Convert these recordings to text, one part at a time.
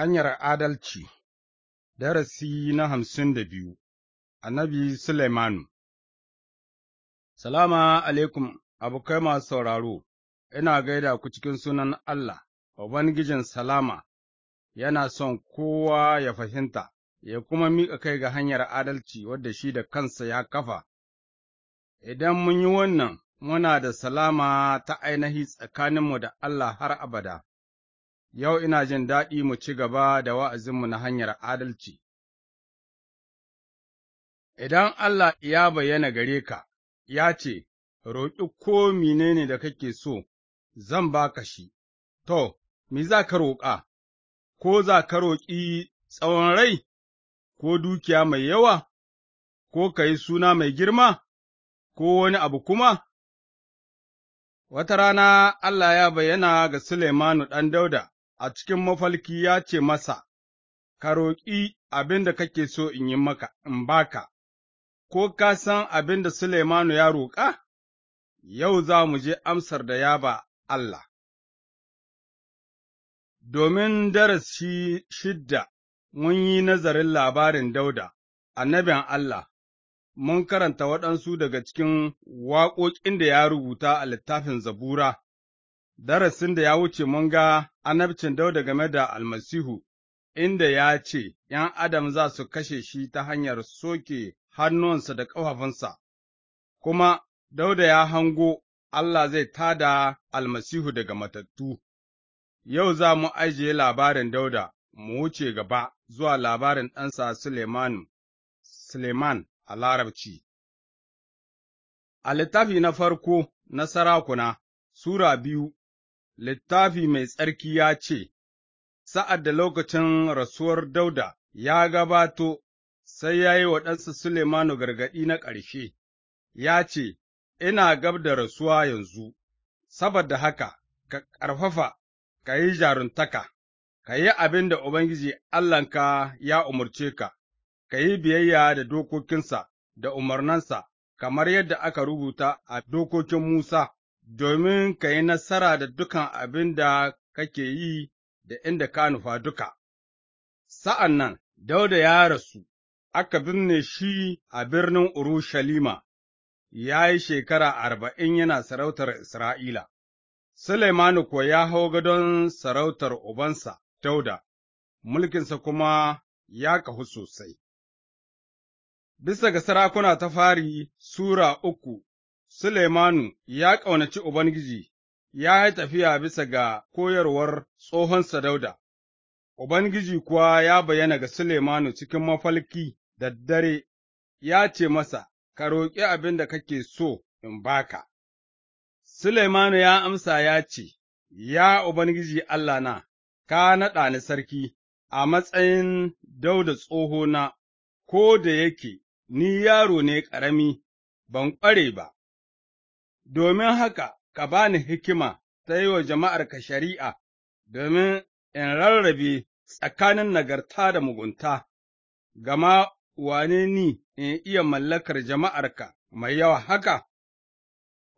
Hanyar adalci Darasi na hamsin da biyu Annabi Suleimanu Salama alaikum, abokai masu sauraro, ina gaida ku cikin sunan Allah, Ubangijin Salama, yana son kowa ya fahimta, ya kuma miƙa kai ga hanyar adalci wadda shi da kansa ya kafa. Idan mun yi wannan, muna da salama ta ainihi tsakaninmu da Allah har abada. Yau ina jin daɗi mu ci gaba da wa'azinmu na hanyar adalci. Idan Allah ya bayyana gare ka, ya ce, Roƙi ko menene da kake so, zan ba ka shi, to, me za ka roƙa, ko za ka roƙi tsawon rai, ko dukiya mai yawa, ko ka yi suna mai girma, ko wani abu kuma? Wata rana Allah ya bayyana ga Suleimanu ɗan Dauda a cikin mafalki ya ce masa, Ka roƙi abin da kake so in yi maka, in baka, ko ka san abin da Suleimanu ya roƙa? Yau za mu je amsar da ya ba Allah. Domin darasi shidda mun yi nazarin labarin Dauda, annabin Allah, mun karanta waɗansu daga cikin waƙoƙin da ya rubuta a littafin Zabura, darasin da ya wuce mun ga annabcin Dauda game da almasihu, inda ya ce, ’yan Adam za su kashe shi ta hanyar soke hannunsa da ƙafafunsa, kuma Dauda ya hango Allah zai tada almasihu daga matattu. Yau za mu ajiye labarin Dauda, mu wuce gaba zuwa labarin ɗansa Suleiman, Suleiman a Larabci. A littafi na farko na sarakuna, Sura biyu littafi mai tsarki ya ce, Sa'ad da lokacin rasuwar Dauda ya gabato, sai ya yi wa ɗansa Sulemanu gargaɗi na ƙarshe, ya ce, Ina gab da rasuwa yanzu, saboda haka, ka ƙarfafa, ka yi jaruntaka, ka yi abin da Ubangiji Allahnka ya umarce ka, ka yi biyayya da dokokinsa da umarnansa, kamar yadda aka rubuta a dokokin Musa. domin ka yi nasara da dukan abin da kake yi da inda ka nufa duka. Sa'an nan, Dauda ya rasu, aka binne shi a birnin Urushalima, ya yi shekara arba'in yana sarautar Isra'ila, Suleimanu kuwa ya hau gadon sarautar ubansa, Dauda, mulkinsa kuma ya kahu sosai. Bisa ga sarakuna ta fari Sura uku Suleimanu ya ƙaunaci Ubangiji, ya yi tafiya bisa ga koyarwar tsohon Dauda, Ubangiji kuwa ya bayyana ga Suleimanu cikin mafalki da dare, ya ce masa, Ka roƙi abin da kake so in baka. Suleimanu ya amsa ya ce, Ya Ubangiji Allah na, ka naɗa ni sarki a matsayin Dauda tsohona, ko da yake ni yaro ne ƙarami, ban ƙware ba, Domin haka, ka ba ni hikima ta yi wa jama'arka shari'a, domin in rarrabe tsakanin nagarta da mugunta, gama wane ni in iya mallakar jama'arka mai yawa haka?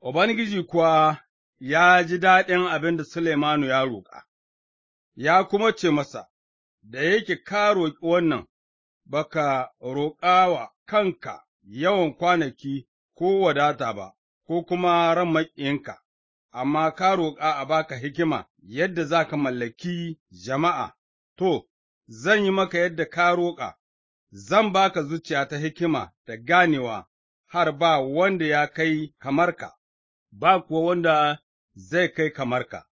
Ubangiji kuwa ya ji daɗin abin da Suleimanu ya roƙa, ya kuma ce masa, Da yake ka roƙi wannan, baka roƙa wa kanka yawan kwanaki ko wadata ba, ko kuma ran maƙiyinka, amma ka roƙa a baka hikima yadda za ka mallaki jama'a, to, zan yi maka yadda ka roƙa, zan baka zuciya ta hikima da ganewa har ba wanda ya kai kamar ka, ba kuwa wanda zai kai kamar ka.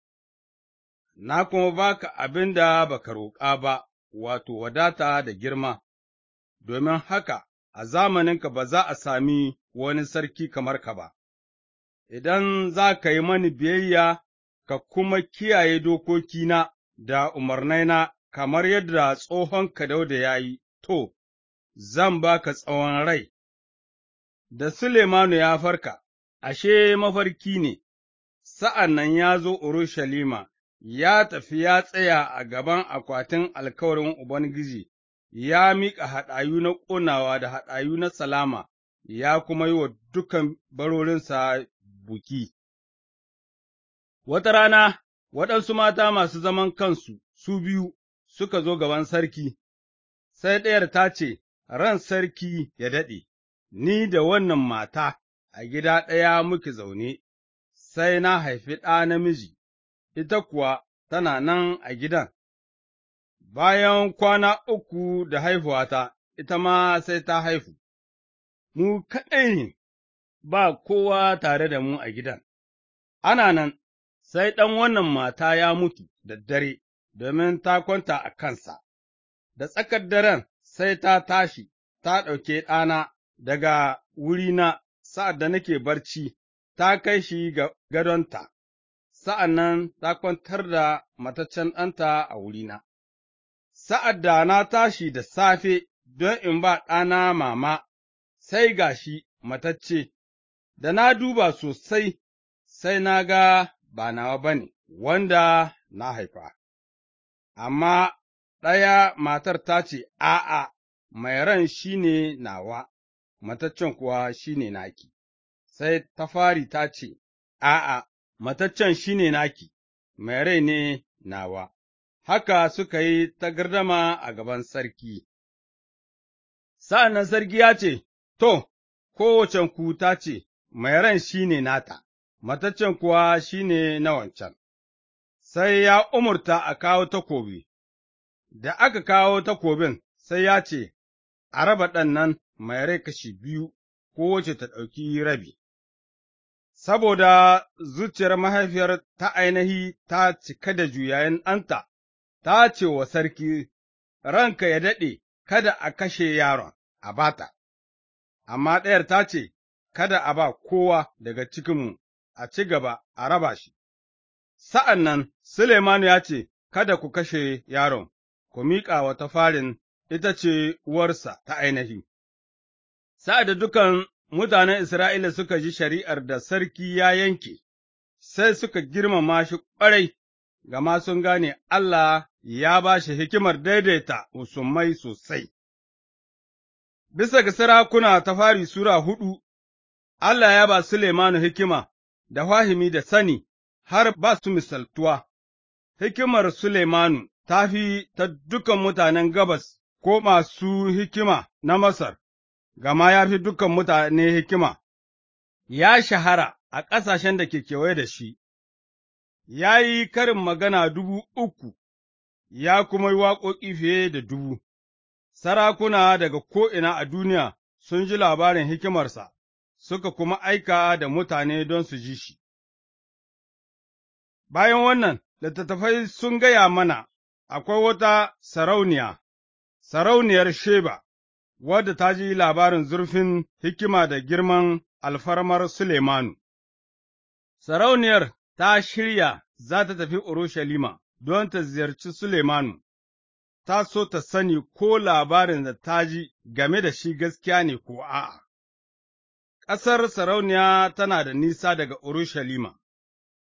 Na kuma baka abin da ka roƙa ba, wato wadata da girma, domin haka a zamaninka ba za a sami wani sarki kamar ka ba. idan za ka yi mani biyayya ka kuma kiyaye dokokina da umarnaina kamar yadda tsohon Dauda ya yi, to, zan ba ka tsawon rai. Da Sulemanu ya farka, ashe mafarki ne, sa'an nan ya zo Urushalima, ya tafi ya tsaya a gaban akwatin alkawarin Ubangiji, ya miƙa haɗayu na ƙonawa da haɗayu na salama, ya kuma yi wa dukan barorinsa buki. Wata rana, waɗansu mata masu zaman kansu su biyu suka zo gaban sarki, sai ɗayar ta ce, Ran sarki ya daɗe, ni da wannan mata a gida ɗaya muke zaune, sai na haifi ɗa namiji, ita kuwa tana nan a gidan. Bayan kwana uku da haihuwata, ita ma sai ta haifu mu kaɗai ne ba kowa tare da mu a gidan. Ana nan, sai ɗan wannan mata ya mutu da dare, domin ta kwanta a kansa, da tsakar daren sai ta tashi, ta ɗauke ɗana daga wurina sa'ad da nake barci, ta kai shi ga gadonta, sa'an nan ta kwantar da mataccen ɗanta a wurina. Sa'ad da na tashi da safe don in ba ɗana mama, sai gashi shi matacce da na duba sosai, sai na ga ba nawa ba ne, wanda na haifa, amma ɗaya matar ta ce, A'a, mai ran shi ne nawa, mataccen kuwa shi ne naki, sai ta fari ta ce, A'a, mataccen shi ne naki, mai rai ne nawa, haka suka yi ta gardama a gaban sarki. Sa'an nan sarki ya ce, To, kowace ku ta ce, mai ran shi ne nata, mataccen kuwa shi ne na wancan, sai ya umurta a kawo takobi, da aka kawo takobin sai ya ce, A raba ɗan nan mai rai kashi biyu, kowace ta ɗauki rabi, saboda zuciyar mahaifiyar ta ainihi ta cika da juyayen ɗanta, ta ce wa sarki, Ranka ya daɗe, kada a kashe yaron, a bata, amma ɗayar ta ce, kada a ba kowa daga cikinmu, a ci gaba a raba shi. Sa'an nan, Suleimanu ya ce, Kada ku kashe yaron, ku miƙa wa tafarin ita ce uwarsa ta ainihi. Sa'ad da dukan mutanen Isra'ila suka ji shari'ar da sarki ya yanke, sai suka girmama shi ƙwarai, gama sun gane Allah ya ba shi hikimar daidaita usumai sosai. Bisa ga sarakuna ta fari Sura hudu Allah ya ba Sulemanu hikima da fahimi da sani har ba su misaltuwa, hikimar Sulemanu ta fi ta dukan mutanen gabas ko masu hikima na Masar, gama ya fi dukan mutane hikima, ya shahara a ƙasashen da ke kewaye da shi, ya yi karin magana dubu uku, ya kuma yi waƙoƙi fiye da dubu, sarakuna daga ko'ina a duniya sun ji labarin hikimarsa. suka kuma aika da mutane don su ji shi. Bayan wannan, littattafai sun gaya mana akwai wata sarauniya, sarauniyar Sheba, wadda ta ji labarin zurfin hikima da girman alfarmar Suleimanu. Sarauniyar ta shirya za ta tafi Urushalima don ta ziyarci Suleimanu, ta so ta sani ko labarin da ta ji game da shi gaskiya ne ko a'a. ƙasar sarauniya tana da nisa daga Urushalima,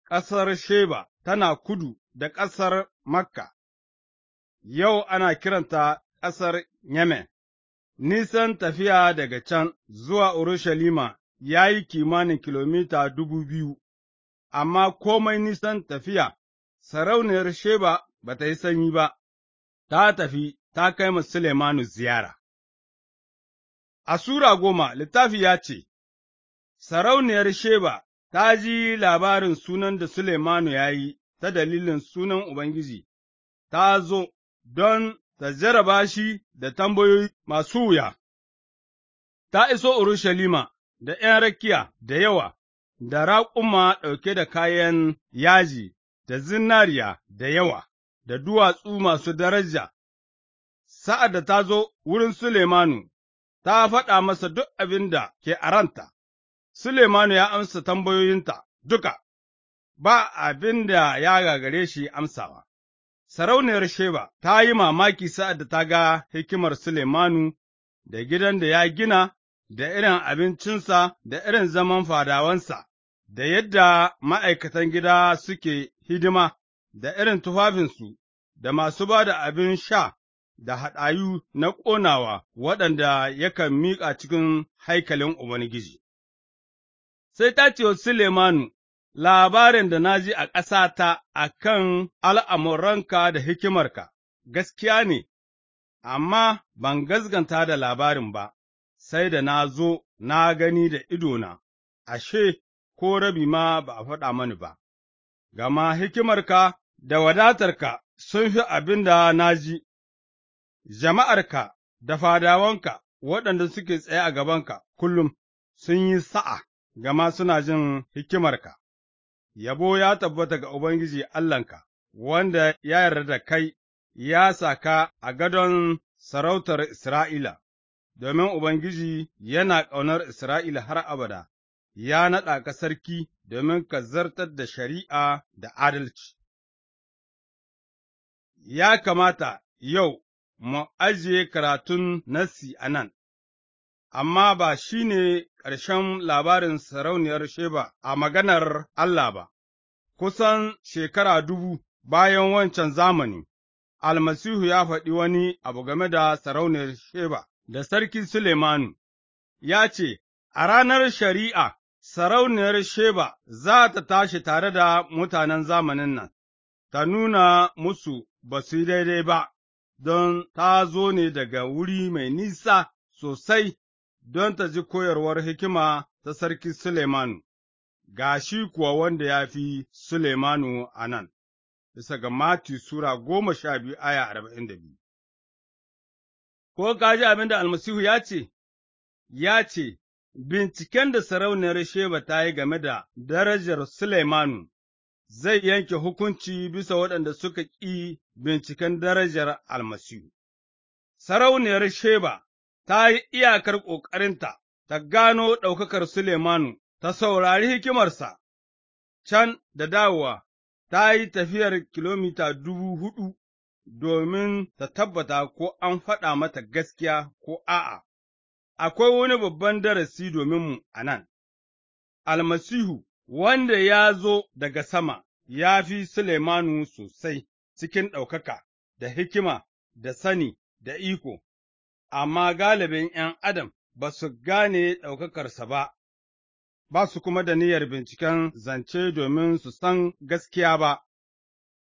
ƙasar Sheba tana kudu da ƙasar Makka, yau ana kiranta ƙasar Yemen, nisan tafiya daga can zuwa Urushalima ya yi kimanin kilomita dubu biyu, amma komai nisan tafiya, sarauniyar Sheba ba ta yi sanyi ba, ta tafi ta kai Suleimanu ziyara. A Sura goma littafi ya ce, sarauniyar Sheba ta ji labarin sunan da Suleimanu ya yi ta dalilin sunan Ubangiji, ta zo don ta jaraba shi da tambayoyi masu wuya, ta iso Urushalima da ’yan rakiya da yawa, da raƙuma ɗauke da kayan yaji, da zinariya da yawa, da duwatsu masu daraja. Sa'ad da ta zo wurin Suleimanu, ta faɗa masa duk abin da ke aranta. Suleimanu ya amsa tambayoyinta duka, ba abin da ya gagare shi amsawa. Sarauniyar Sheba ta yi mamaki sa'ad da ta ga hikimar Suleimanu da gidan da ya gina, da irin abincinsa, da irin zaman fadawansa, da yadda ma'aikatan gida suke hidima, da irin tufafinsu, da masu ba da abin sha, da haɗayu na ƙonawa waɗanda yakan miƙa cikin haikalin Ubangiji. sai ta ce wa Sulemanu, Labarin da na ji a ƙasata a kan al'amuranka da hikimarka, gaskiya ne, amma ban gaskanta da labarin ba, sai da na zo na gani da idona, ashe, ko rabi ma ba a faɗa mani ba, gama hikimarka da wadatarka sun fi abin da na ji, jama'arka da fadawanka waɗanda suke tsaye a gabanka kullum sun yi sa'a. gama suna jin hikimarka. Yabo ya tabbata ga Ubangiji Allahnka, wanda ya yarda da kai, ya saka a gadon sarautar Isra'ila, domin Ubangiji yana ƙaunar Isra'ila har abada, ya naɗa ka sarki domin ka zartar da shari'a da adalci. Ya kamata yau mu ajiye karatun Nassi a nan, amma ba shi ne ƙarshen labarin sarauniyar Sheba a maganar Allah ba, kusan shekara dubu bayan wancan zamani, almasihu ya faɗi wani abu game da sarauniyar Sheba da sarki Suleimanu, ya ce, A ranar shari'a, sarauniyar Sheba za ta tashi tare da mutanen zamanin nan, ta nuna musu ba su daidai ba, don ta zo ne daga wuri mai nisa sosai don ta ji koyarwar hikima ta sarki Suleimanu, ga shi kuwa wanda ya fi Suleimanu a nan, bisa ga Mati Sura goma sha biyu aya arba'in da biyu. Ko ka ji abin da almasihu ya ce, ya ce, Binciken da sarauniyar Sheba ta yi game da darajar Suleimanu zai yanke hukunci bisa waɗanda suka ƙi binciken darajar almasihu. Sarauniyar Sheba ta yi iyakar ƙoƙarinta, ta gano ɗaukakar Sulemanu, ta saurari hikimarsa, can da dawowa, ta yi tafiyar kilomita dubu huɗu domin ta tabbata ko an faɗa mata gaskiya ko a'a. Akwai wani babban darasi dominmu a nan, almasihu wanda ya zo daga sama ya fi Sulemanu sosai cikin ɗaukaka da hikima da sani da iko. amma galibin ’yan adam ba su gane ɗaukakarsa ba, ba su kuma da niyyar binciken zance domin su san gaskiya ba,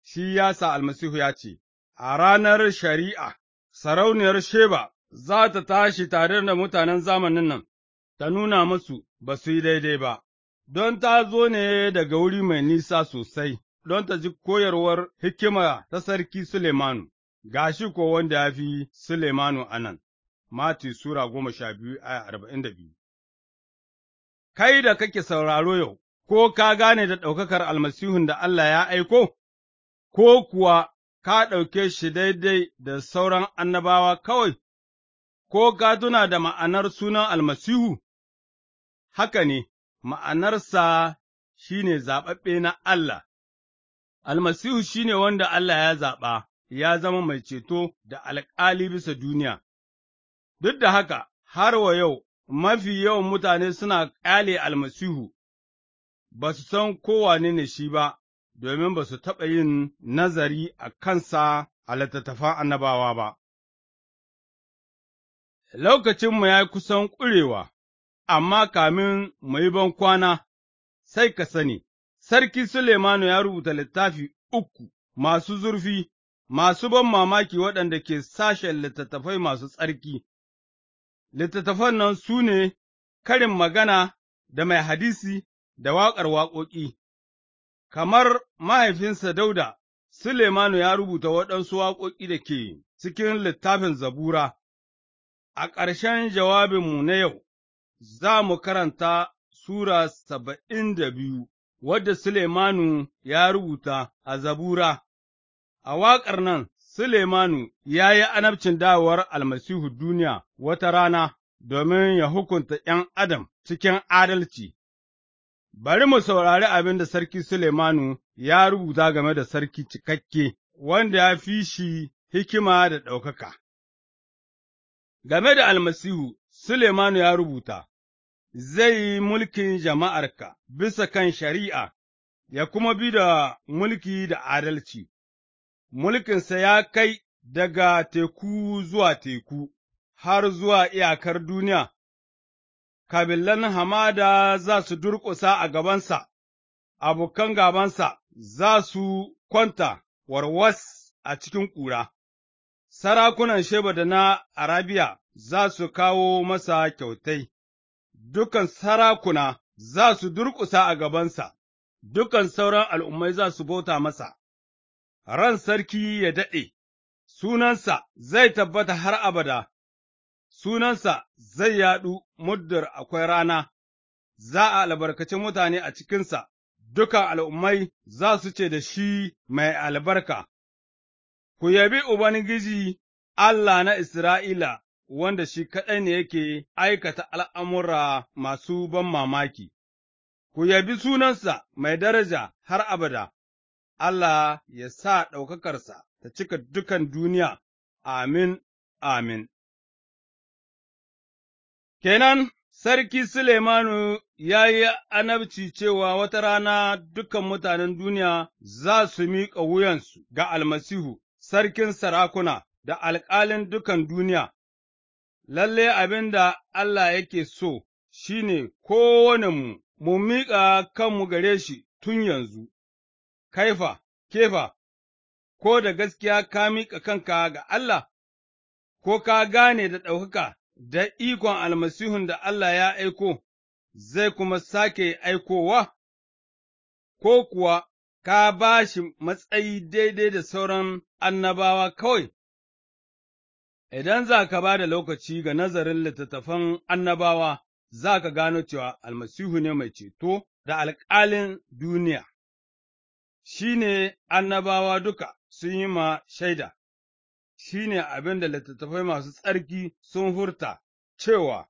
shi ya sa almasihu ya ce, A ranar shari'a, sarauniyar Sheba za ta tashi tare da mutanen zamanin nan, ta nuna musu ba su yi daidai ba, don ta zo ne daga wuri mai nisa sosai, don ta ji koyarwar hikima ta sarki Suleimanu, gashi ko wanda ya fi Suleimanu a nan. Mati Sura goma sha biyu aya arba'in da biyu. Kai da kake sauraro yau, ko ka gane da ɗaukakar almasihun da Allah ya aiko, ko kuwa ka ɗauke shi daidai da sauran annabawa kawai, ko ka tuna da ma'anar sunan almasihu, haka ne, ma'anarsa shi ne zaɓaɓɓe na Allah, almasihu shi ne wanda Allah ya zaɓa, ya zama mai ceto da alƙali bisa duniya. Duk da haka, har wa yau, mafi yawan mutane suna ƙyale almasihu, ba su san kowane ne shi ba, domin ba su taɓa yin nazari a kansa a littattafan annabawa ba. Lokacinmu ya yi kusan ƙurewa, amma kamin mu yi ban kwana, sai ka sani, Sarki Suleimanu ya rubuta littafi uku masu zurfi, masu ban mamaki waɗanda ke sashen littattafai masu tsarki, littattafan nan su ne karin magana da mai hadisi da waƙar waƙoƙi, kamar mahaifinsa Dauda, Suleimanu ya rubuta waɗansu waƙoƙi da ke cikin littafin zabura. A ƙarshen jawabinmu na yau, za mu karanta Sura saba'in da biyu, wadda Suleimanu ya rubuta a zabura, a waƙar nan Suleimanu ya yi anabcin dawowar almasihu duniya wata rana domin ya hukunta ’yan adam cikin adalci. Bari mu saurari abin da Sarki Suleimanu ya rubuta game da Sarki cikakke, wanda ya fi shi hikima da ɗaukaka. Game da almasihu, Suleimanu ya rubuta, Zai yi mulkin jama'arka bisa kan shari'a, ya kuma bi da mulki da adalci. mulkinsa ya kai daga teku zuwa teku, har zuwa iyakar duniya, kabilan hamada za su durƙusa a gabansa, abokan gabansa za su kwanta warwas a cikin ƙura, sarakunan Sheba da na Arabiya za su kawo masa kyautai, dukan sarakuna za su durƙusa a gabansa, dukan sauran al'ummai za su bauta masa. ran sarki ya daɗe, sunansa zai tabbata har abada, sunansa zai yaɗu muddar akwai rana, za a albarkaci mutane a cikinsa, duka al'ummai za su ce da shi mai albarka. Ku yabi Ubangiji Allah na Isra'ila, wanda shi kaɗai ne yake aikata al'amura masu ban mamaki, ku yabi sunansa mai daraja har abada. Allah ya sa ɗaukakarsa ta cika dukan duniya, amin, amin. Kenan, Sarki Suleimanu ya yi anabci cewa wata rana dukan mutanen duniya za su miƙa wuyansu ga almasihu, sarkin sarakuna da alƙalin dukan duniya, lalle abin da Allah yake so shi ne mu, mu miƙa kanmu gare shi tun yanzu. kaifa kefa ko da gaskiya ka miƙa kanka ga Allah, ko ka gane da ɗaukaka da ikon almasihun da Allah ya aiko, zai kuma sake aikowa, ko kuwa ka ba shi matsayi daidai da sauran annabawa kawai. Idan za ka ba da lokaci ga nazarin littattafan annabawa, za ka gano cewa almasihu ne mai ceto da alƙalin duniya. shi ne annabawa duka sun yi ma shaida, shi ne abin da littattafai masu tsarki sun furta cewa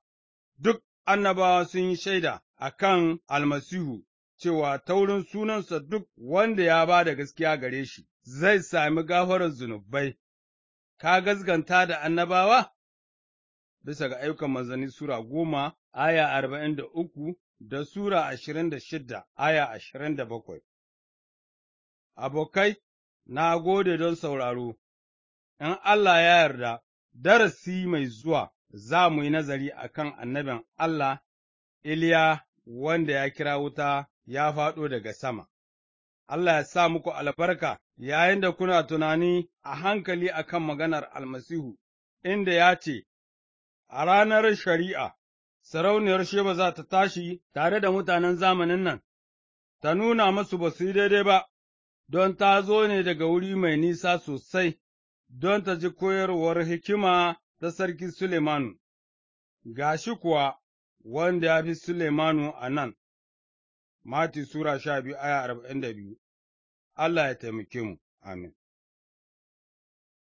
duk annabawa sun yi shaida a kan almasihu cewa ta wurin sunansa duk wanda ya ba da gaskiya gare shi zai sami gafarar zunubai, ka gaskanta da annabawa? Bisa ga ayyukan manzanni Sura goma, aya arba'in da uku da Sura ashirin da shidda, aya ashirin da bakwai. Abokai, na gode don sauraro, in Allah ya yarda, darasi mai zuwa za mu yi nazari a kan annabin Allah, Iliya wanda ya kira wuta ya faɗo daga sama. Allah ya sa muku albarka yayin da kuna tunani a hankali a kan maganar almasihu, inda ya ce, A ranar shari'a, sarauniyar Sheba za ta tashi tare da mutanen zamanin nan, ta nuna masu ba su yi daidai ba, don ta zo ne daga wuri mai nisa sosai, don ta ji koyarwar hikima ta sarki Suleimanu, ga shi kuwa wanda ya fi Suleimanu a nan, Mati Sura sha biyu aya arba'in da biyu, Allah ya taimake mu, amin.